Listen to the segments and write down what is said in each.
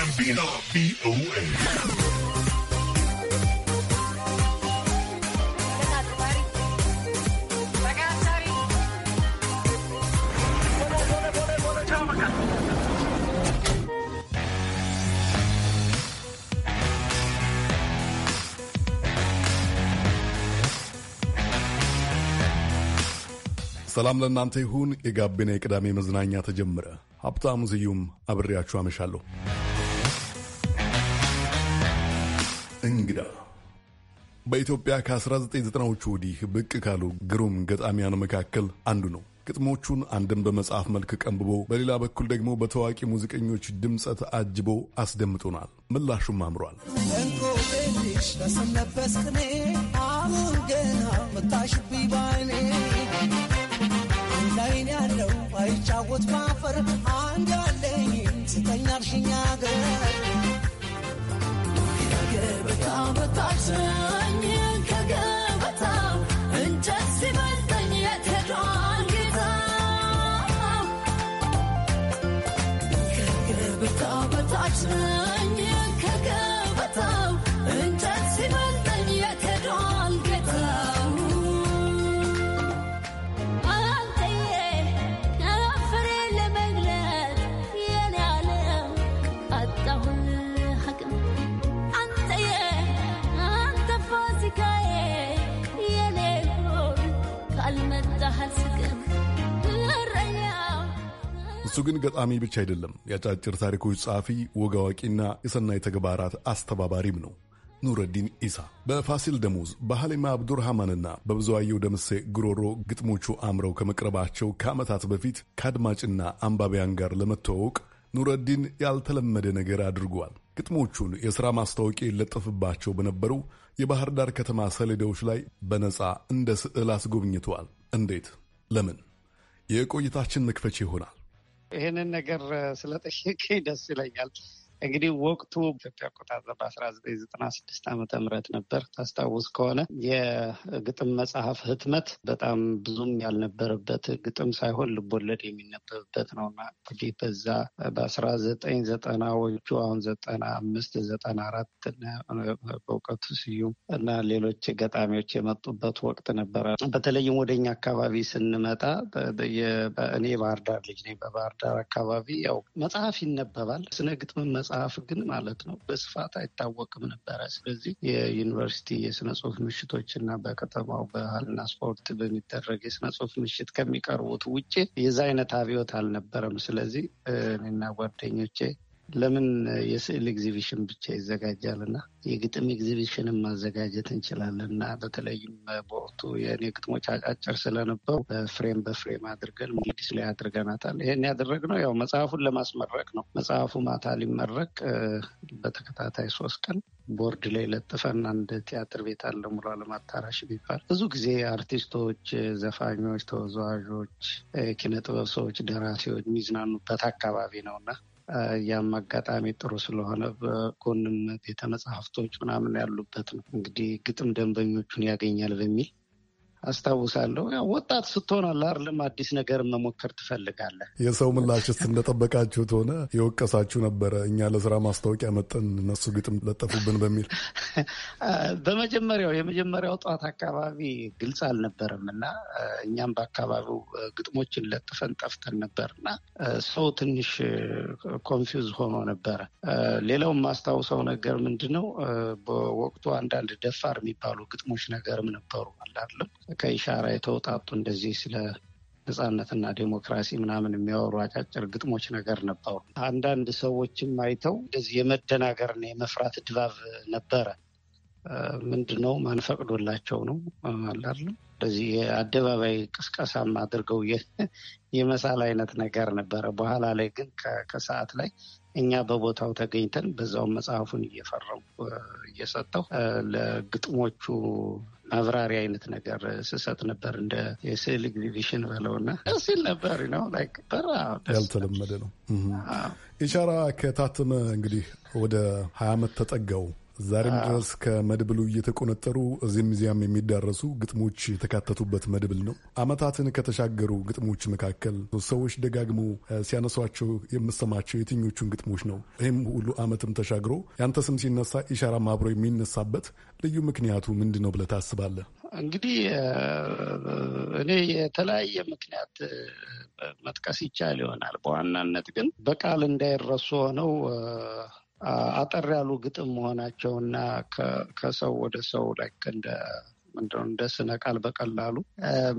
ቪኦኤ ሰላም ለእናንተ ይሁን። የጋቢና የቅዳሜ መዝናኛ ተጀመረ። ሀብታሙ ስዩም አብሬያችሁ አመሻለሁ። በኢትዮጵያ ከ1990ዎቹ ወዲህ ብቅ ካሉ ግሩም ገጣሚያን መካከል አንዱ ነው። ግጥሞቹን አንድም በመጽሐፍ መልክ ቀንብቦ፣ በሌላ በኩል ደግሞ በታዋቂ ሙዚቀኞች ድምፀት አጅቦ አስደምጦናል። ምላሹም አምሯል። ያለው አይጫወት ባፈር አንድ አለኝ ስተኛ እርሽኛ ገር ግን ገጣሚ ብቻ አይደለም፣ የአጫጭር ታሪኮች ጸሐፊ፣ ወግ አዋቂና የሰናይ ተግባራት አስተባባሪም ነው። ኑረዲን ኢሳ በፋሲል ደሞዝ በሐሊማ አብዱርሃማንና በብዙአየሁ ደምሴ ግሮሮ ግጥሞቹ አምረው ከመቅረባቸው ከዓመታት በፊት ከአድማጭና አንባቢያን ጋር ለመተዋወቅ ኑረዲን ያልተለመደ ነገር አድርጓል። ግጥሞቹን የሥራ ማስታወቂያ ይለጠፍባቸው በነበሩ የባህር ዳር ከተማ ሰሌዳዎች ላይ በነፃ እንደ ስዕል አስጎብኝተዋል። እንዴት? ለምን? የቆይታችን መክፈቻ ይሆናል። ይህንን ነገር ስለጠየቀኝ ደስ ይለኛል። እንግዲህ ወቅቱ ኢትዮጵያ አቆጣጠር በአስራ ዘጠኝ ዘጠና ስድስት ዓመተ ምህረት ነበር። ታስታውስ ከሆነ የግጥም መጽሐፍ ህትመት በጣም ብዙም ያልነበረበት ግጥም ሳይሆን ልቦለድ የሚነበብበት ነውና እንግዲህ በዛ በአስራ ዘጠኝ ዘጠናዎቹ አሁን ዘጠና አምስት ዘጠና አራት በእውቀቱ ስዩም እና ሌሎች ገጣሚዎች የመጡበት ወቅት ነበረ። በተለይም ወደኛ አካባቢ ስንመጣ እኔ ባህርዳር ልጅ ነኝ። በባህርዳር አካባቢ ያው መጽሐፍ ይነበባል ስነ ግጥም መጽሐፍ ግን ማለት ነው በስፋት አይታወቅም ነበረ። ስለዚህ የዩኒቨርሲቲ የስነ ጽሁፍ ምሽቶች እና በከተማው ባህልና ስፖርት በሚደረግ የስነ ጽሁፍ ምሽት ከሚቀርቡት ውጭ የዛ አይነት አብዮት አልነበረም። ስለዚህ እኔና ጓደኞቼ ለምን የስዕል ኤግዚቢሽን ብቻ ይዘጋጃል? እና የግጥም ኤግዚቢሽንን ማዘጋጀት እንችላለን እና በተለይም በወቅቱ የእኔ ግጥሞች አጫጭር ስለነበሩ በፍሬም በፍሬም አድርገን ሚዲስ ላይ አድርገናታል። ይሄን ያደረግነው ያው መጽሐፉን ለማስመረቅ ነው። መጽሐፉ ማታ ሊመረቅ በተከታታይ ሶስት ቀን ቦርድ ላይ ለጥፈን አንድ ቲያትር ቤት አለ ሙሉ አለም አታራሽ የሚባል ብዙ ጊዜ አርቲስቶች፣ ዘፋኞች፣ ተወዛዋዦች፣ ኪነጥበብ ሰዎች፣ ደራሲዎች የሚዝናኑበት አካባቢ ነው እና ያም አጋጣሚ ጥሩ ስለሆነ በጎንም ቤተ መጽሐፍቶች ምናምን ያሉበት ነው። እንግዲህ ግጥም ደንበኞቹን ያገኛል በሚል አስታውሳለሁ። ያው ወጣት ስትሆን አላርልም አዲስ ነገር መሞከር ትፈልጋለህ። የሰው ምላሽስ እንደጠበቃችሁት ሆነ? የወቀሳችሁ ነበረ? እኛ ለስራ ማስታወቂያ መጠን እነሱ ግጥም ለጠፉብን በሚል በመጀመሪያው የመጀመሪያው ጠዋት አካባቢ ግልጽ አልነበረም እና እኛም በአካባቢው ግጥሞችን ለጥፈን ጠፍተን ነበር እና ሰው ትንሽ ኮንፊውዝ ሆኖ ነበረ። ሌላው ማስታውሰው ነገር ምንድነው በወቅቱ አንዳንድ ደፋር የሚባሉ ግጥሞች ነገርም ነበሩ አላለም ከኢሻራ የተወጣጡ እንደዚህ ስለ ነጻነትና ዴሞክራሲ ምናምን የሚያወሩ አጫጭር ግጥሞች ነገር ነበሩ። አንዳንድ ሰዎችም አይተው እንደዚህ የመደናገርና የመፍራት ድባብ ነበረ። ምንድነው ማንፈቅዶላቸው ነው አላለም። እንደዚህ የአደባባይ ቅስቀሳም አድርገው የመሳል አይነት ነገር ነበረ። በኋላ ላይ ግን ከሰዓት ላይ እኛ በቦታው ተገኝተን በዛው መጽሐፉን እየፈረው እየሰጠው ለግጥሞቹ ማብራሪ አይነት ነገር ስሰጥ ነበር። እንደ የስዕል ኤግዚቢሽን በለው እና ደስ ይል ነበር ነው። በራ ያልተለመደ ነው። ኢሻራ ከታተመ እንግዲህ ወደ ሀያ ዓመት ተጠጋው። ዛሬም ድረስ ከመድብሉ እየተቆነጠሩ እዚህም እዚያም የሚዳረሱ ግጥሞች የተካተቱበት መድብል ነው። ዓመታትን ከተሻገሩ ግጥሞች መካከል ሰዎች ደጋግሞ ሲያነሷቸው የምሰማቸው የትኞቹን ግጥሞች ነው? ይህም ሁሉ ዓመትም ተሻግሮ ያንተ ስም ሲነሳ ኢሻራ አብሮ የሚነሳበት ልዩ ምክንያቱ ምንድን ነው ብለህ ታስባለህ? እንግዲህ እኔ የተለያየ ምክንያት መጥቀስ ይቻል ይሆናል። በዋናነት ግን በቃል እንዳይረሱ ሆነው አጠር ያሉ ግጥም መሆናቸው እና ከሰው ወደ ሰው ላይክ እንደ ምንድነው እንደ ስነ ቃል በቀላሉ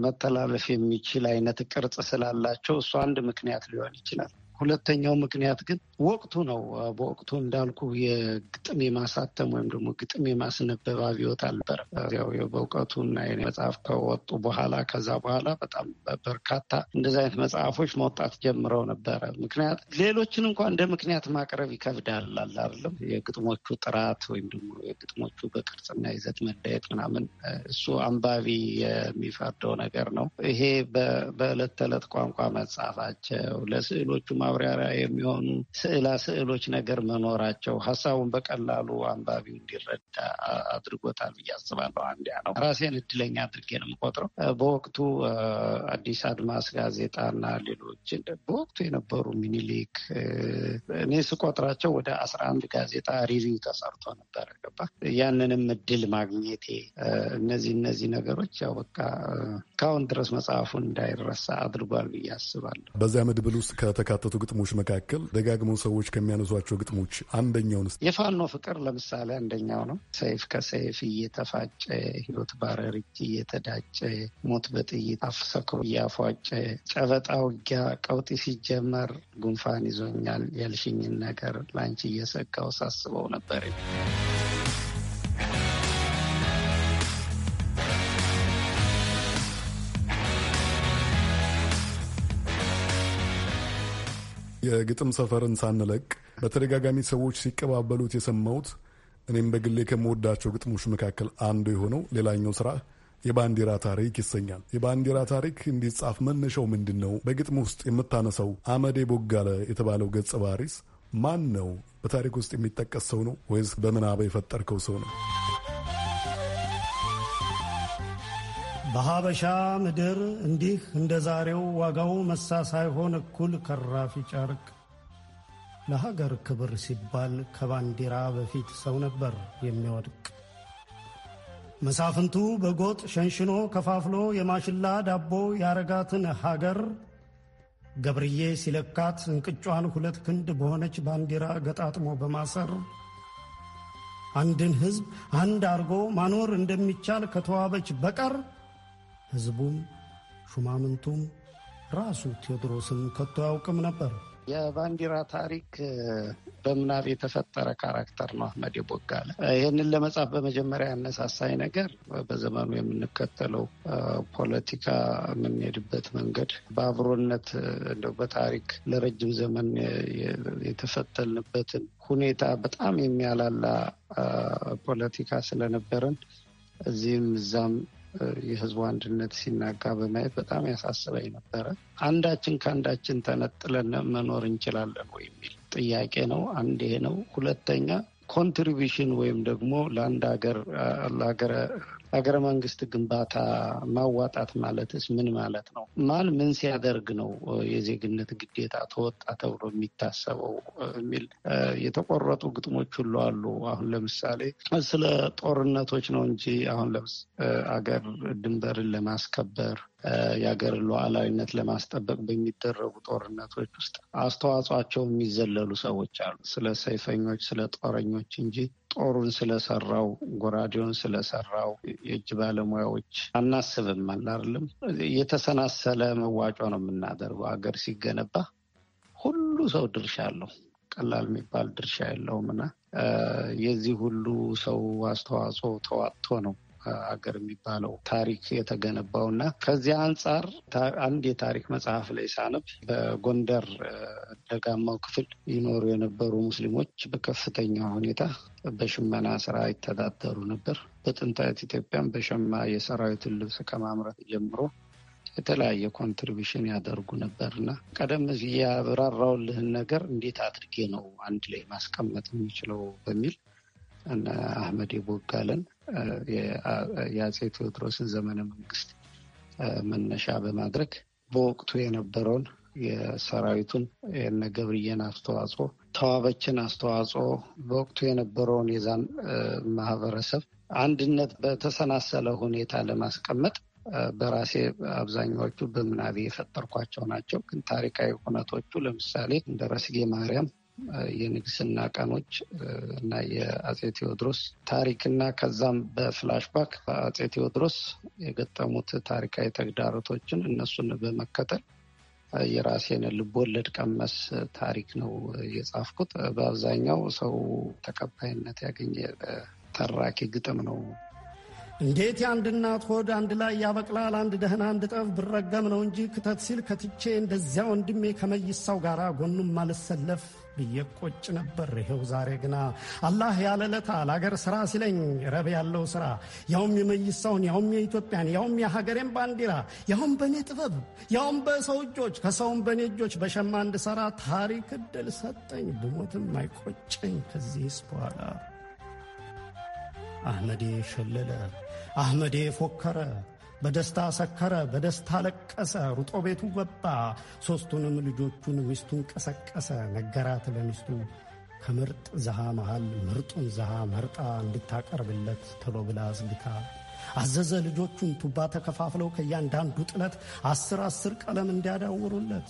መተላለፍ የሚችል አይነት ቅርጽ ስላላቸው እሱ አንድ ምክንያት ሊሆን ይችላል። ሁለተኛው ምክንያት ግን ወቅቱ ነው። በወቅቱ እንዳልኩ የግጥም የማሳተም ወይም ደግሞ ግጥም የማስነበብ አብዮት አልነበረም። በእውቀቱ እና መጽሐፍ ከወጡ በኋላ ከዛ በኋላ በጣም በርካታ እንደዚ አይነት መጽሐፎች መውጣት ጀምረው ነበረ። ምክንያት ሌሎችን እንኳ እንደ ምክንያት ማቅረብ ይከብዳል አለ አይደለም። የግጥሞቹ ጥራት ወይም ደግሞ የግጥሞቹ በቅርጽና ይዘት መለየት ምናምን እሱ አንባቢ የሚፈርደው ነገር ነው። ይሄ በዕለት ተዕለት ቋንቋ መጽሐፋቸው ለስዕሎቹ ማ ማብራሪያ የሚሆኑ ስዕላ ስዕሎች ነገር መኖራቸው ሀሳቡን በቀላሉ አንባቢው እንዲረዳ አድርጎታል ብዬ አስባለሁ። አንድ ነው ራሴን እድለኛ አድርጌ ነው የምቆጥረው። በወቅቱ አዲስ አድማስ ጋዜጣና ሌሎች በወቅቱ የነበሩ ሚኒሊክ እኔ ስቆጥራቸው ወደ አስራ አንድ ጋዜጣ ሪቪው ተሰርቶ ነበረ። ገባ ያንንም እድል ማግኘቴ እነዚህ እነዚህ ነገሮች ያው በቃ እስካሁን ድረስ መጽሐፉን እንዳይረሳ አድርጓል ብዬ አስባለሁ። በዚያ መድብል ውስጥ ከተካተቱ ግጥሞች መካከል ደጋግመው ሰዎች ከሚያነሷቸው ግጥሞች አንደኛው የፋኖ ፍቅር ለምሳሌ አንደኛው ነው። ሰይፍ ከሰይፍ እየተፋጨ ህይወት ባረሪት እየተዳጨ ሞት በጥይት አፍሰክሮ ሰክሮ እያፏጨ ጨበጣ ውጊያ ቀውጢ ሲጀመር ጉንፋን ይዞኛል ያልሽኝን ነገር ላንቺ እየሰጋው ሳስበው ነበር። የግጥም ሰፈርን ሳንለቅ በተደጋጋሚ ሰዎች ሲቀባበሉት የሰማሁት እኔም በግሌ ከምወዳቸው ግጥሞች መካከል አንዱ የሆነው ሌላኛው ስራ የባንዲራ ታሪክ ይሰኛል። የባንዲራ ታሪክ እንዲጻፍ መነሻው ምንድን ነው? በግጥም ውስጥ የምታነሳው አመዴ ቦጋለ የተባለው ገጸ ባህሪስ ማን ነው? በታሪክ ውስጥ የሚጠቀስ ሰው ነው ወይስ በምናበ የፈጠርከው ሰው ነው? በሀበሻ ምድር እንዲህ እንደ ዛሬው ዋጋው መሳ ሳይሆን እኩል ከራፊ ጨርቅ ለሀገር ክብር ሲባል ከባንዲራ በፊት ሰው ነበር የሚወድቅ። መሳፍንቱ በጎጥ ሸንሽኖ ከፋፍሎ የማሽላ ዳቦ ያረጋትን ሀገር ገብርዬ ሲለካት እንቅጯን ሁለት ክንድ በሆነች ባንዲራ ገጣጥሞ በማሰር አንድን ሕዝብ አንድ አርጎ ማኖር እንደሚቻል ከተዋበች በቀር ሕዝቡም ሹማምንቱም ራሱ ቴዎድሮስን ከቶ አያውቅም ነበር። የባንዲራ ታሪክ በምናብ የተፈጠረ ካራክተር ነው አህመድ የቦጋለ። ይህንን ለመጻፍ በመጀመሪያ ያነሳሳኝ ነገር በዘመኑ የምንከተለው ፖለቲካ፣ የምንሄድበት መንገድ በአብሮነት እንደው በታሪክ ለረጅም ዘመን የተፈተልንበትን ሁኔታ በጣም የሚያላላ ፖለቲካ ስለነበረን እዚህም እዛም የህዝቡ አንድነት ሲናጋ በማየት በጣም ያሳስበኝ ነበረ። አንዳችን ከአንዳችን ተነጥለን መኖር እንችላለን ወይ የሚል ጥያቄ ነው። አንድ ይሄ ነው። ሁለተኛ ኮንትሪቢሽን ወይም ደግሞ ለአንድ ሀገር ለሀገረ ሀገረ መንግስት ግንባታ ማዋጣት ማለትስ ምን ማለት ነው? ማን ምን ሲያደርግ ነው የዜግነት ግዴታ ተወጣ ተብሎ የሚታሰበው የሚል የተቆረጡ ግጥሞች ሁሉ አሉ። አሁን ለምሳሌ ስለ ጦርነቶች ነው እንጂ አሁን አገር ድንበርን ለማስከበር የሀገር ሉዓላዊነት ለማስጠበቅ በሚደረጉ ጦርነቶች ውስጥ አስተዋጽኦአቸው የሚዘለሉ ሰዎች አሉ። ስለ ሰይፈኞች፣ ስለ ጦረኞች እንጂ ጦሩን ስለሰራው ጎራዴውን ስለሰራው የእጅ ባለሙያዎች አናስብም። አላርልም የተሰናሰለ መዋጮ ነው የምናደርገው። ሀገር ሲገነባ ሁሉ ሰው ድርሻ አለው። ቀላል የሚባል ድርሻ የለውም እና የዚህ ሁሉ ሰው አስተዋጽኦ ተዋጥቶ ነው ሀገር የሚባለው ታሪክ የተገነባው እና ከዚያ አንጻር አንድ የታሪክ መጽሐፍ ላይ ሳነብ በጎንደር ደጋማው ክፍል ይኖሩ የነበሩ ሙስሊሞች በከፍተኛ ሁኔታ በሽመና ስራ ይተዳደሩ ነበር። በጥንታዊት ኢትዮጵያም በሸማ የሰራዊትን ልብስ ከማምረት ጀምሮ የተለያየ ኮንትሪቢሽን ያደርጉ ነበር እና ቀደም እዚህ ያብራራውልህን ነገር እንዴት አድርጌ ነው አንድ ላይ ማስቀመጥ የሚችለው በሚል እነ አህመድ የቦጋለን የአጼ ቴዎድሮስን ዘመነ መንግስት መነሻ በማድረግ በወቅቱ የነበረውን የሰራዊቱን የነ ገብርዬን አስተዋጽኦ፣ ተዋበችን አስተዋጽኦ በወቅቱ የነበረውን የዛን ማህበረሰብ አንድነት በተሰናሰለ ሁኔታ ለማስቀመጥ በራሴ አብዛኛዎቹ በምናቤ የፈጠርኳቸው ናቸው። ግን ታሪካዊ ሁነቶቹ ለምሳሌ እንደ ረስጌ ማርያም የንግስና ቀኖች እና የአጼ ቴዎድሮስ ታሪክና ከዛም በፍላሽባክ በአጼ ቴዎድሮስ የገጠሙት ታሪካዊ ተግዳሮቶችን እነሱን በመከተል የራሴን ልቦለድ ቀመስ ታሪክ ነው የጻፍኩት። በአብዛኛው ሰው ተቀባይነት ያገኘ ተራኪ ግጥም ነው። እንዴት የአንድ እናት ሆድ አንድ ላይ ያበቅላል፣ አንድ ደህና አንድ ጠብ ብረገም ነው እንጂ ክተት ሲል ከትቼ እንደዚያ ወንድሜ ከመይሳው ጋር ጎኑም አልሰለፍ ብዬ ቆጭ ነበር። ይኸው ዛሬ ግና አላህ ያለ ለአገር ስራ ሲለኝ ረብ ያለው ስራ ያውም የመይሳውን ያውም የኢትዮጵያን ያውም የሀገሬን ባንዲራ ያውም በእኔ ጥበብ ያውም በሰው እጆች ከሰውም በእኔ እጆች በሸማ እንድሰራ ታሪክ እድል ሰጠኝ። ብሞትም አይቆጨኝ ከዚህስ በኋላ አህመዴ ሸለለ፣ አህመዴ ፎከረ በደስታ ሰከረ፣ በደስታ ለቀሰ፣ ሩጦ ቤቱ ገባ። ሦስቱንም ልጆቹን ሚስቱን ቀሰቀሰ፣ ነገራት ለሚስቱ ከምርጥ ዘሃ መሃል ምርጡን ዘሃ መርጣ እንድታቀርብለት ቶሎ ብላ አዝግታ አዘዘ። ልጆቹን ቱባ ተከፋፍለው ከእያንዳንዱ ጥለት አስር አስር ቀለም እንዲያዳውሩለት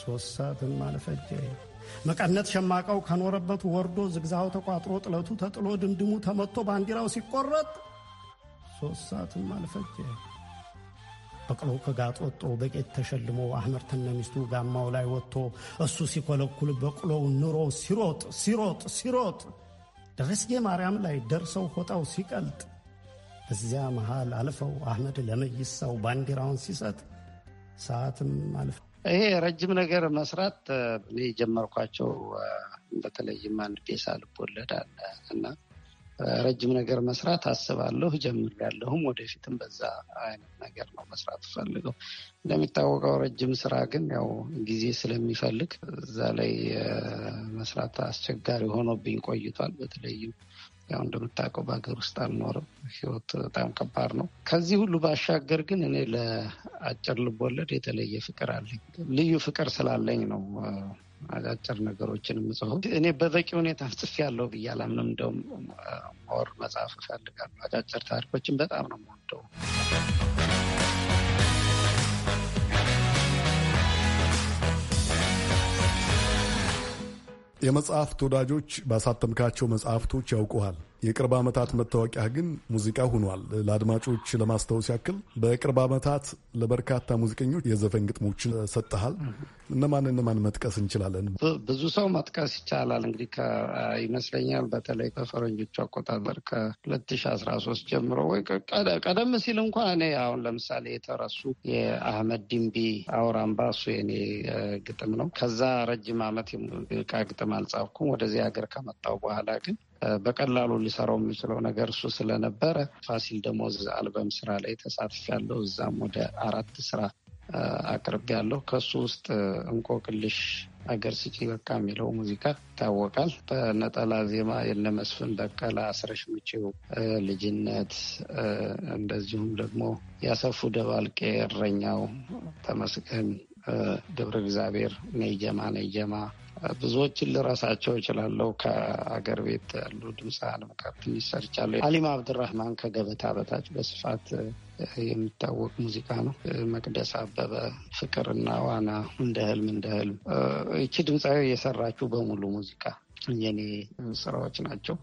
ሦስት ሰዓትም አልፈጀ። መቀነት ሸማቀው ከኖረበት ወርዶ ዝግዛው ተቋጥሮ ጥለቱ ተጥሎ ድምድሙ ተመቶ ባንዲራው ሲቆረጥ ሶስት ሰዓትም አልፈጀ። ፈቅሎ ከጋጥ ወጦ በቄት ተሸልሞ አህመድ ተነሚስቱ ጋማው ላይ ወጥቶ እሱ ሲኮለኩል በቅሎው ኑሮ ሲሮጥ ሲሮጥ ሲሮጥ ደረስጌ ማርያም ላይ ደርሰው ሆጣው ሲቀልጥ እዚያ መሃል አልፈው አህመድ ለመይሳው ባንዲራውን ሲሰጥ ሰዓትም አልፈ ይሄ ረጅም ነገር መስራት እኔ የጀመርኳቸው በተለይም አንድ ፔሳ ልቦለድ አለ እና ረጅም ነገር መስራት አስባለሁ፣ ጀምር ያለሁም ወደፊትም በዛ አይነት ነገር ነው መስራት ፈልገው። እንደሚታወቀው ረጅም ስራ ግን ያው ጊዜ ስለሚፈልግ እዛ ላይ መስራት አስቸጋሪ ሆኖብኝ ቆይቷል። በተለይም ያው እንደምታውቀው በሀገር ውስጥ አልኖርም። ህይወት በጣም ከባድ ነው። ከዚህ ሁሉ ባሻገር ግን እኔ ለአጭር ልቦለድ የተለየ ፍቅር አለኝ። ልዩ ፍቅር ስላለኝ ነው አጫጭር ነገሮችን ጽሁፍ እኔ በበቂ ሁኔታ ጽፍ ያለው ብዬ አላምንም። እንደውም ሞር መጽሐፍ እፈልጋለሁ። አጫጭር ታሪኮችን በጣም ነው የምወደው። የመጽሐፍት ወዳጆች ባሳተምካቸው መጽሐፍቶች ያውቁሃል። የቅርብ ዓመታት መታወቂያ ግን ሙዚቃ ሆኗል። ለአድማጮች ለማስታወስ ያክል በቅርብ ዓመታት ለበርካታ ሙዚቀኞች የዘፈን ግጥሞችን ሰጥተሃል። እነማን እነማን መጥቀስ እንችላለን? ብዙ ሰው መጥቀስ ይቻላል። እንግዲህ ይመስለኛል በተለይ ከፈረንጆቹ አቆጣጠር ከ2013 ጀምሮ ወይ ቀደም ሲል እንኳን እኔ አሁን ለምሳሌ የተረሱ የአህመድ ድንቢ አውራምባ እሱ የኔ ግጥም ነው። ከዛ ረጅም ዓመት ቃ ግጥም አልጻፍኩም። ወደዚህ ሀገር ከመጣው በኋላ ግን በቀላሉ ሊሰራው የሚችለው ነገር እሱ ስለነበረ ፋሲል ደሞዝ አልበም ስራ ላይ ተሳትፍ ያለው እዛም ወደ አራት ስራ አቅርብ ያለው ከሱ ውስጥ እንቆቅልሽ አገር ስጪ በቃ የሚለው ሙዚቃ ይታወቃል። በነጠላ ዜማ የነመስፍን በቀለ፣ አስረሽ ምጪው፣ ልጅነት እንደዚሁም ደግሞ ያሰፉ ደባልቄ፣ እረኛው፣ ተመስገን ገብረ እግዚአብሔር፣ ነይጀማ ነይጀማ ብዙዎችን ልረሳቸው እችላለሁ። ከአገር ቤት ያሉ ድምፃን ትንሽ ሰርቻለሁ። አሊማ አብድራህማን ከገበታ በታች በስፋት የሚታወቅ ሙዚቃ ነው። መቅደስ አበበ ፍቅርና ዋና፣ እንደ ህልም እንደ ህልም እቺ ድምፃዊ የሰራችው በሙሉ ሙዚቃ የኔ ስራዎች ናቸው።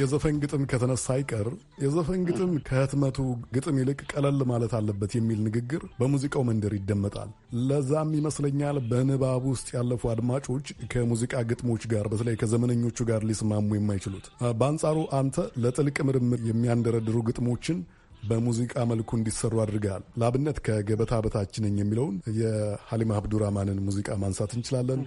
የዘፈን ግጥም ከተነሳ አይቀር የዘፈን ግጥም ከህትመቱ ግጥም ይልቅ ቀለል ማለት አለበት የሚል ንግግር በሙዚቃው መንደር ይደመጣል። ለዛም ይመስለኛል በንባብ ውስጥ ያለፉ አድማጮች ከሙዚቃ ግጥሞች ጋር በተለይ ከዘመነኞቹ ጋር ሊስማሙ የማይችሉት። በአንጻሩ አንተ ለጥልቅ ምርምር የሚያንደረድሩ ግጥሞችን በሙዚቃ መልኩ እንዲሰሩ አድርገሃል። ለአብነት ከገበታ በታችነኝ የሚለውን የሀሊማ አብዱራማንን ሙዚቃ ማንሳት እንችላለን።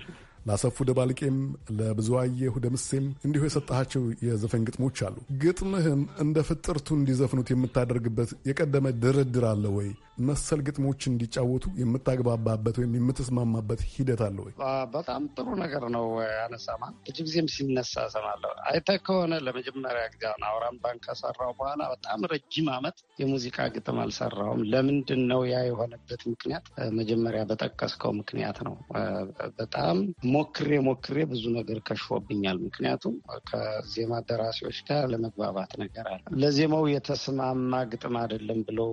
ለአሰፉ ደባልቄም ለብዙአየሁ ደምሴም እንዲሁ የሰጠሃቸው የዘፈን ግጥሞች አሉ። ግጥምህም እንደ ፍጥርቱ እንዲዘፍኑት የምታደርግበት የቀደመ ድርድር አለ ወይ? መሰል ግጥሞች እንዲጫወቱ የምታግባባበት ወይም የምትስማማበት ሂደት አለ ወይ? በጣም ጥሩ ነገር ነው አነሳማ ብዙ ጊዜም ሲነሳ ሰማለሁ። አይተህ ከሆነ ለመጀመሪያ ጊዜ አውራምባን ባንክ ከሰራው በኋላ በጣም ረጅም ዓመት የሙዚቃ ግጥም አልሰራውም። ለምንድን ነው ያ የሆነበት ምክንያት? መጀመሪያ በጠቀስከው ምክንያት ነው በጣም ሞክሬ ሞክሬ ብዙ ነገር ከሾብኛል። ምክንያቱም ከዜማ ደራሲዎች ጋር ለመግባባት ነገር አለ። ለዜማው የተስማማ ግጥም አይደለም ብለው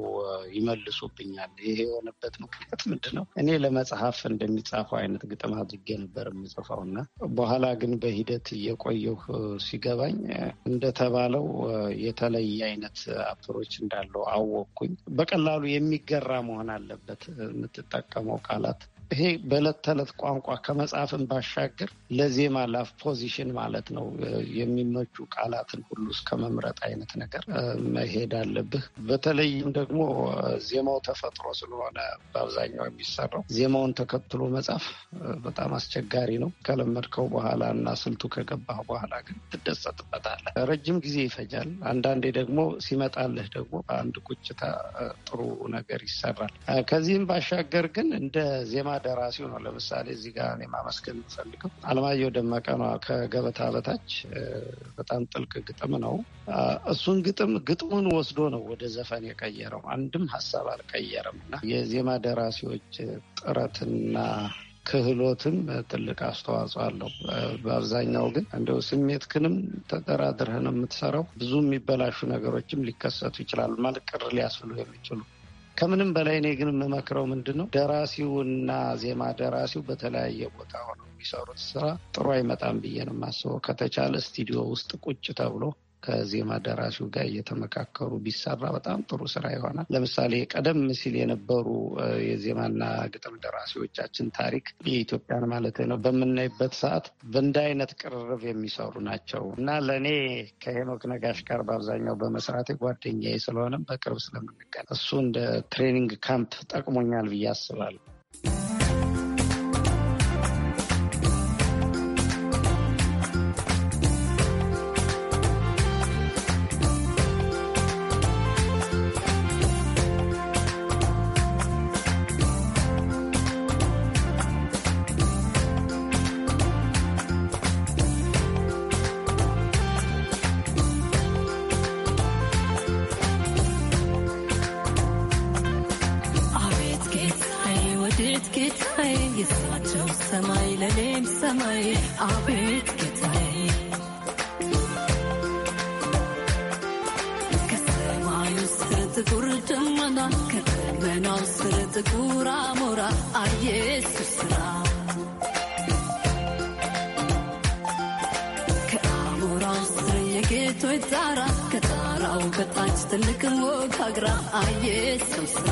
ይመልሱብኛል። ይሄ የሆነበት ምክንያት ምንድን ነው? እኔ ለመጽሐፍ እንደሚጻፈው አይነት ግጥም አድርጌ ነበር የምጽፈው እና በኋላ ግን በሂደት እየቆየሁ ሲገባኝ እንደተባለው የተለየ አይነት አፕሮች እንዳለው አወቅኩኝ። በቀላሉ የሚገራ መሆን አለበት የምትጠቀመው ቃላት ይሄ በዕለት ተዕለት ቋንቋ ከመጽሐፍን ባሻገር ለዜማ ላፍ ፖዚሽን ማለት ነው። የሚመቹ ቃላትን ሁሉ እስከ መምረጥ አይነት ነገር መሄድ አለብህ። በተለይም ደግሞ ዜማው ተፈጥሮ ስለሆነ በአብዛኛው የሚሰራው ዜማውን ተከትሎ መጻፍ በጣም አስቸጋሪ ነው። ከለመድከው በኋላ እና ስልቱ ከገባህ በኋላ ግን ትደሰጥበታለህ። ረጅም ጊዜ ይፈጃል። አንዳንዴ ደግሞ ሲመጣልህ ደግሞ በአንድ ቁጭታ ጥሩ ነገር ይሰራል። ከዚህም ባሻገር ግን እንደ ዜማ ደራሲ ነው። ለምሳሌ እዚህ ጋር እኔ ማመስገን የምፈልገው አለማየሁ ደመቀ ነው። ከገበታ በታች በጣም ጥልቅ ግጥም ነው። እሱን ግጥም ግጥሙን ወስዶ ነው ወደ ዘፈን የቀየረው። አንድም ሀሳብ አልቀየረም እና የዜማ ደራሲዎች ጥረትና ክህሎትም ትልቅ አስተዋጽኦ አለው። በአብዛኛው ግን እንደው ስሜት ክንም ተደራድረህ ነው የምትሰራው። ብዙ የሚበላሹ ነገሮችም ሊከሰቱ ይችላሉ። ማለት ቅር ሊያስብሉ የሚችሉ ከምንም በላይ እኔ ግን የምመክረው ምንድን ነው ደራሲው እና ዜማ ደራሲው በተለያየ ቦታ ሆነው የሚሰሩት ስራ ጥሩ አይመጣም ብዬ ነው የማስበው። ከተቻለ ስቱዲዮ ውስጥ ቁጭ ተብሎ ከዜማ ደራሲው ጋር እየተመካከሩ ቢሰራ በጣም ጥሩ ስራ ይሆናል። ለምሳሌ ቀደም ሲል የነበሩ የዜማና ግጥም ደራሲዎቻችን ታሪክ የኢትዮጵያን ማለት ነው በምናይበት ሰዓት በእንደ አይነት ቅርርብ የሚሰሩ ናቸው እና ለእኔ ከሄኖክ ነጋሽ ጋር በአብዛኛው በመስራቴ ጓደኛዬ ስለሆነም በቅርብ ስለምንገናኝ እሱ እንደ ትሬኒንግ ካምፕ ጠቅሞኛል ብዬ አስባለሁ። ሴቶች ዛራ ከጣራው በታች ትልቅ ወግ አግራ አየች ሰው ስራ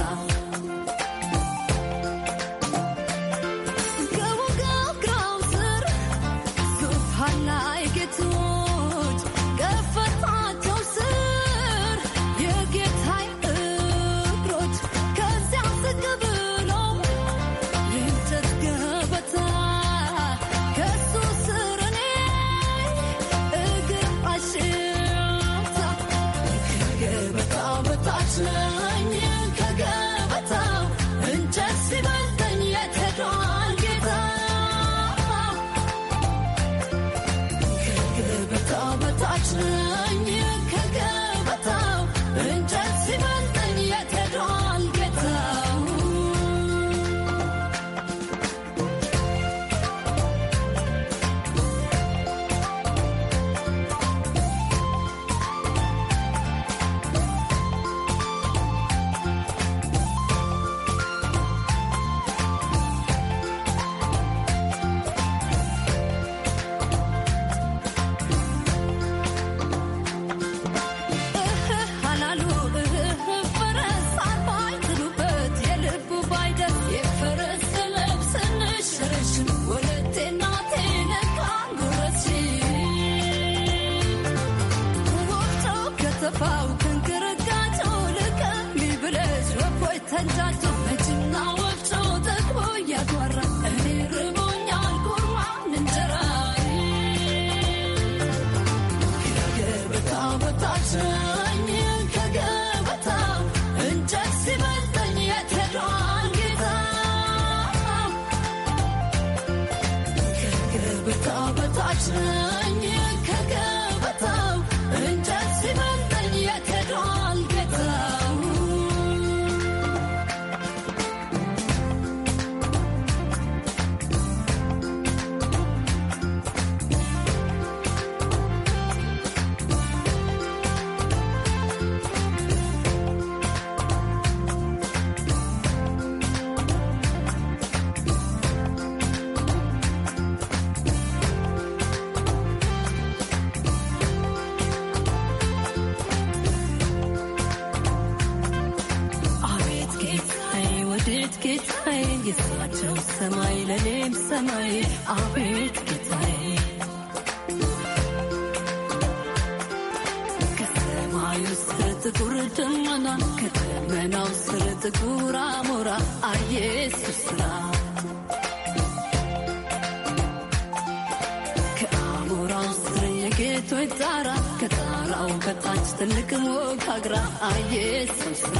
ጥቁር ትመና ከደመናው ስር ጥቁር አሞራ አየሱስ ከአሞራው ስር የጌቶች ጣራ ከጣራው ከታች ትልቅ ሞካግራ አየ ስራ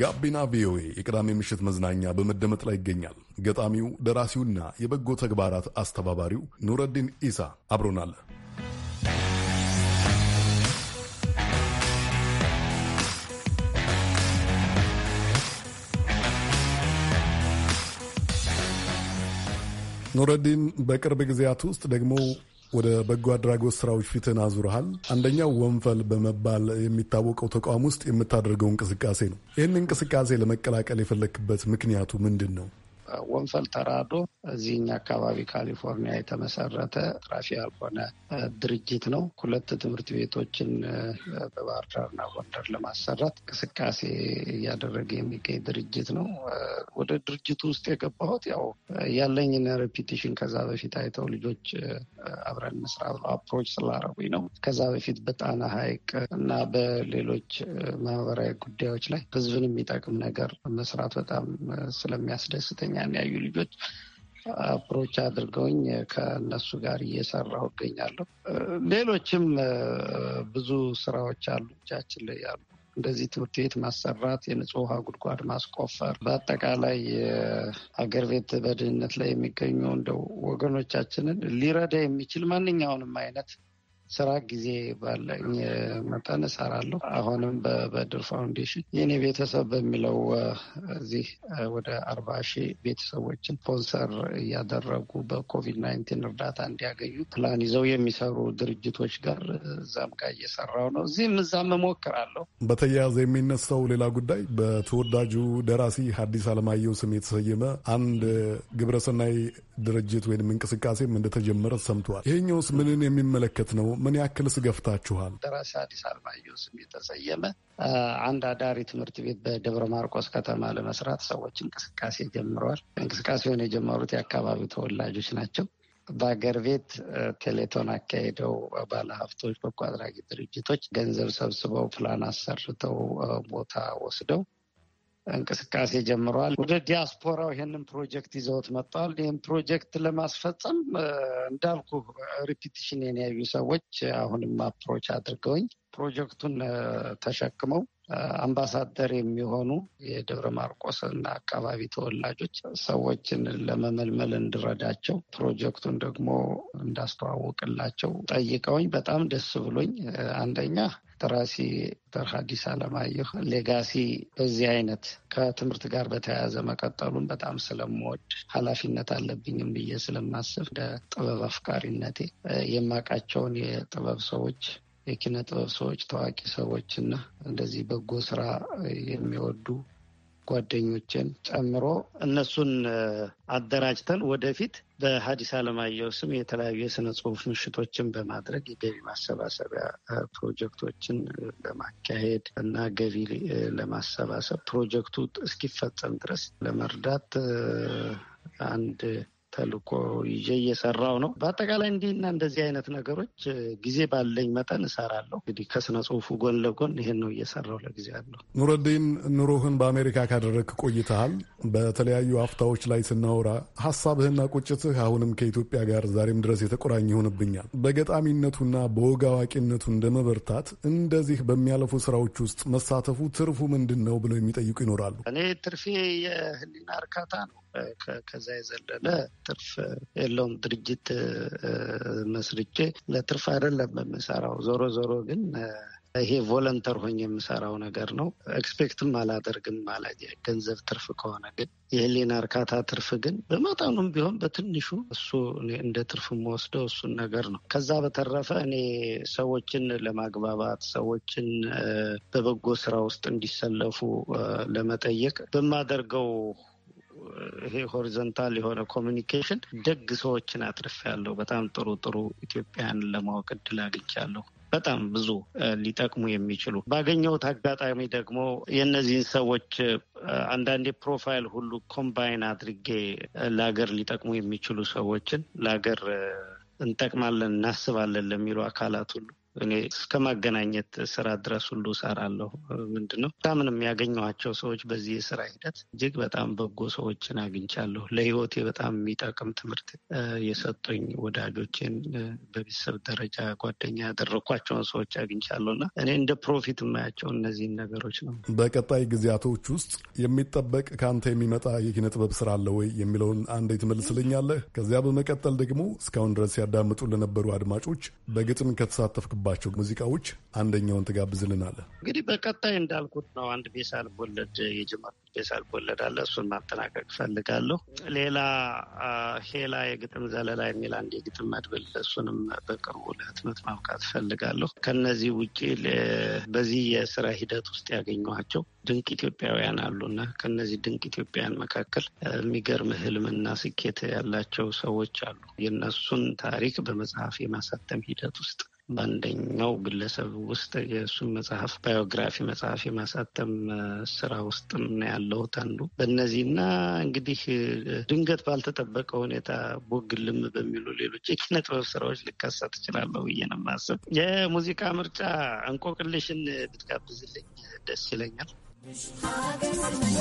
ጋቢና ቪኦኤ የቅዳሜ ምሽት መዝናኛ በመደመጥ ላይ ይገኛል። ገጣሚው ደራሲውና የበጎ ተግባራት አስተባባሪው ኑረዲን ኢሳ አብሮናል። ኑረዲን፣ በቅርብ ጊዜያት ውስጥ ደግሞ ወደ በጎ አድራጎት ስራዎች ፊትን አዙረሃል። አንደኛው ወንፈል በመባል የሚታወቀው ተቋም ውስጥ የምታደርገው እንቅስቃሴ ነው። ይህን እንቅስቃሴ ለመቀላቀል የፈለክበት ምክንያቱ ምንድን ነው? ወንፈል ተራዶ እዚህኛ አካባቢ ካሊፎርኒያ የተመሰረተ ትራፊ ያልሆነ ድርጅት ነው። ሁለት ትምህርት ቤቶችን በባህር ዳርና ጎንደር ለማሰራት እንቅስቃሴ እያደረገ የሚገኝ ድርጅት ነው። ወደ ድርጅቱ ውስጥ የገባሁት ያው ያለኝን ሬፒቴሽን ከዛ በፊት አይተው ልጆች አብረን እንስራ ብለው አፕሮች ስላረጉኝ ነው። ከዛ በፊት በጣና ሐይቅ እና በሌሎች ማህበራዊ ጉዳዮች ላይ ህዝብን የሚጠቅም ነገር መስራት በጣም ስለሚያስደስተኝ እኛም የሚያዩ ልጆች አፕሮች አድርገውኝ ከእነሱ ጋር እየሰራሁ እገኛለሁ። ሌሎችም ብዙ ስራዎች አሉ እጃችን ላይ ያሉ እንደዚህ ትምህርት ቤት ማሰራት፣ የንጹህ ውሃ ጉድጓድ ማስቆፈር፣ በአጠቃላይ ሀገር ቤት በድህነት ላይ የሚገኙ እንደው ወገኖቻችንን ሊረዳ የሚችል ማንኛውንም አይነት ስራ ጊዜ ባለኝ መጠን እሰራለሁ። አሁንም በበድር ፋውንዴሽን የኔ ቤተሰብ በሚለው እዚህ ወደ አርባ ሺህ ቤተሰቦችን ስፖንሰር እያደረጉ በኮቪድ ናይንቲን እርዳታ እንዲያገኙ ፕላን ይዘው የሚሰሩ ድርጅቶች ጋር እዛም ጋር እየሰራው ነው። እዚህም እዛም እሞክራለሁ። በተያያዘ የሚነሳው ሌላ ጉዳይ በተወዳጁ ደራሲ ሐዲስ ዓለማየሁ ስም የተሰየመ አንድ ግብረሰናይ ድርጅት ወይም እንቅስቃሴም እንደተጀመረ ሰምተዋል። ይሄኛውስ ምንን የሚመለከት ነው? ምን ያክልስ ገፍታችኋል? ደራሲ አዲስ አለማየሁ ስም የተሰየመ አንድ አዳሪ ትምህርት ቤት በደብረ ማርቆስ ከተማ ለመስራት ሰዎች እንቅስቃሴ ጀምረዋል። እንቅስቃሴውን የጀመሩት የአካባቢው ተወላጆች ናቸው። በሀገር ቤት ቴሌቶን አካሄደው ባለሀብቶች፣ በጎ አድራጊ ድርጅቶች ገንዘብ ሰብስበው ፕላን አሰርተው ቦታ ወስደው እንቅስቃሴ ጀምረዋል። ወደ ዲያስፖራው ይህንን ፕሮጀክት ይዘውት መጥተዋል። ይህን ፕሮጀክት ለማስፈጸም እንዳልኩ ሪፒቲሽን የያዩ ሰዎች አሁንም አፕሮች አድርገውኝ ፕሮጀክቱን ተሸክመው አምባሳደር የሚሆኑ የደብረ ማርቆስ አካባቢ ተወላጆች ሰዎችን ለመመልመል እንድረዳቸው ፕሮጀክቱን ደግሞ እንዳስተዋውቅላቸው ጠይቀውኝ በጣም ደስ ብሎኝ አንደኛ ደራሲ ዶክተር አለማየሁ ሌጋሲ በዚህ አይነት ከትምህርት ጋር በተያያዘ መቀጠሉን በጣም ስለምወድ ኃላፊነት አለብኝም ብዬ ስለማስብ እንደ ጥበብ አፍቃሪነቴ የማቃቸውን የጥበብ ሰዎች የኪነ ጥበብ ሰዎች፣ ታዋቂ ሰዎች እና እንደዚህ በጎ ስራ የሚወዱ ጓደኞችን ጨምሮ እነሱን አደራጅተን ወደፊት በሀዲስ አለማየሁ ስም የተለያዩ የስነ ጽሁፍ ምሽቶችን በማድረግ የገቢ ማሰባሰቢያ ፕሮጀክቶችን ለማካሄድ እና ገቢ ለማሰባሰብ ፕሮጀክቱ እስኪፈጸም ድረስ ለመርዳት አንድ ተልእኮ ይዤ እየሰራው ነው። በአጠቃላይ እንዲህና እንደዚህ አይነት ነገሮች ጊዜ ባለኝ መጠን እሰራለሁ። እንግዲህ ከስነ ጽሁፉ ጎን ለጎን ይሄን ነው እየሰራው ለጊዜ አለሁ። ኑረዲን፣ ኑሮህን በአሜሪካ ካደረግክ ቆይተሃል። በተለያዩ አፍታዎች ላይ ስናወራ ሀሳብህና ቁጭትህ አሁንም ከኢትዮጵያ ጋር ዛሬም ድረስ የተቆራኝ ይሆንብኛል። በገጣሚነቱና በወግ አዋቂነቱ እንደመበርታት እንደዚህ በሚያለፉ ስራዎች ውስጥ መሳተፉ ትርፉ ምንድን ነው ብለው የሚጠይቁ ይኖራሉ። እኔ ትርፌ የህሊና እርካታ ነው። ከዛ የዘለለ ትርፍ የለውም። ድርጅት መስርቼ ለትርፍ አይደለም የምሰራው። ዞሮ ዞሮ ግን ይሄ ቮለንተር ሆኝ የምሰራው ነገር ነው። ኤክስፔክትም አላደርግም ማለት ገንዘብ ትርፍ ከሆነ ግን የህሊና እርካታ ትርፍ ግን በመጠኑም ቢሆን በትንሹ እሱ እንደ ትርፍ የምወስደው እሱን ነገር ነው። ከዛ በተረፈ እኔ ሰዎችን ለማግባባት ሰዎችን በበጎ ስራ ውስጥ እንዲሰለፉ ለመጠየቅ በማደርገው ይሄ ሆሪዘንታል የሆነ ኮሚኒኬሽን ደግ ሰዎችን አትርፌያለሁ። በጣም ጥሩ ጥሩ ኢትዮጵያን ለማወቅ እድል አግኝቻለሁ። በጣም ብዙ ሊጠቅሙ የሚችሉ ባገኘሁት አጋጣሚ ደግሞ የእነዚህን ሰዎች አንዳንዴ ፕሮፋይል ሁሉ ኮምባይን አድርጌ ለሀገር ሊጠቅሙ የሚችሉ ሰዎችን ለሀገር እንጠቅማለን እናስባለን ለሚሉ አካላት ሁሉ እኔ እስከ ማገናኘት ስራ ድረስ ሁሉ እሰራለሁ። ምንድን ነው በጣም የሚያገኘኋቸው ሰዎች በዚህ የስራ ሂደት እጅግ በጣም በጎ ሰዎችን አግኝቻለሁ። ለህይወቴ በጣም የሚጠቅም ትምህርት የሰጡኝ ወዳጆችን፣ በቤተሰብ ደረጃ ጓደኛ ያደረኳቸውን ሰዎች አግኝቻለሁ እና እኔ እንደ ፕሮፊት የማያቸው እነዚህን ነገሮች ነው። በቀጣይ ጊዜያቶች ውስጥ የሚጠበቅ ከአንተ የሚመጣ የኪነ ጥበብ ስራ አለ ወይ የሚለውን አንዴ ትመልስልኛለህ። ከዚያ በመቀጠል ደግሞ እስካሁን ድረስ ያዳምጡ ለነበሩ አድማጮች በግጥም ከተሳተፍክባ ከሚገኙባቸው ሙዚቃዎች አንደኛውን ትጋብዝልናለ። እንግዲህ በቀጣይ እንዳልኩት ነው አንድ ቤሳል ቦለድ የጀመርኩት ቤሳል ቦለድ አለ። እሱን ማጠናቀቅ ፈልጋለሁ። ሌላ ሄላ የግጥም ዘለላ የሚል አንድ የግጥም መድብል፣ እሱንም በቅርቡ ለህትመት ማብቃት ፈልጋለሁ። ከነዚህ ውጭ በዚህ የስራ ሂደት ውስጥ ያገኘኋቸው ድንቅ ኢትዮጵያውያን አሉና ከነዚህ ድንቅ ኢትዮጵያውያን መካከል የሚገርም ህልምና ስኬት ያላቸው ሰዎች አሉ። የእነሱን ታሪክ በመጽሐፍ የማሳተም ሂደት ውስጥ በአንደኛው ግለሰብ ውስጥ የእሱን መጽሐፍ ባዮግራፊ መጽሐፍ የማሳተም ስራ ውስጥ ነው ያለሁት አንዱ በእነዚህና እንግዲህ ድንገት ባልተጠበቀ ሁኔታ ቦግልም በሚሉ ሌሎች የኪነ ጥበብ ስራዎች ልካሳት ትችላለሁ ብዬ ነው የሙዚቃ ምርጫ እንቆቅልሽን ብትጋብዝልኝ ደስ ይለኛል።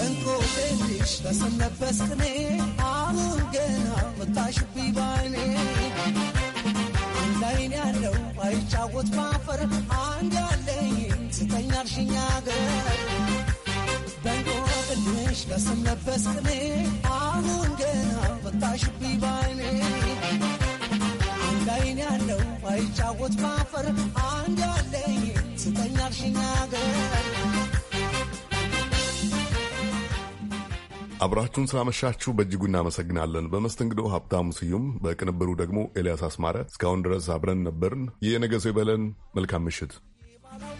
እንቆቅልሽ ተሰነበስክኔ አሁን ገና መታሽቢ ባይኔ ሳይጫወት ባፈር አንድ ያለኝ ስጠኝ አልሽኝ አገር ትንሽ ለስም ለበስቅኔ አሁን ገና ወጣሽብኝ ባይኔ አንድ አይን ያለው አይጫወት ባፈር አንድ ያለኝ ስጠኝ አልሽኝ አብራችሁን ስላመሻችሁ በእጅጉ እናመሰግናለን። በመስተንግዶ ሀብታሙ ስዩም፣ በቅንብሩ ደግሞ ኤልያስ አስማረ። እስካሁን ድረስ አብረን ነበርን። የነገ ሰው ይበለን። መልካም ምሽት። ሀገሬ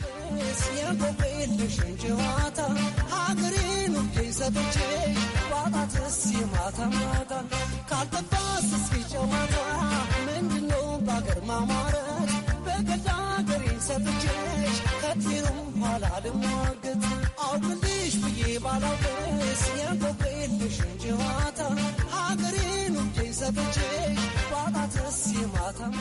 ሰብቼ ባጣት ሲማታም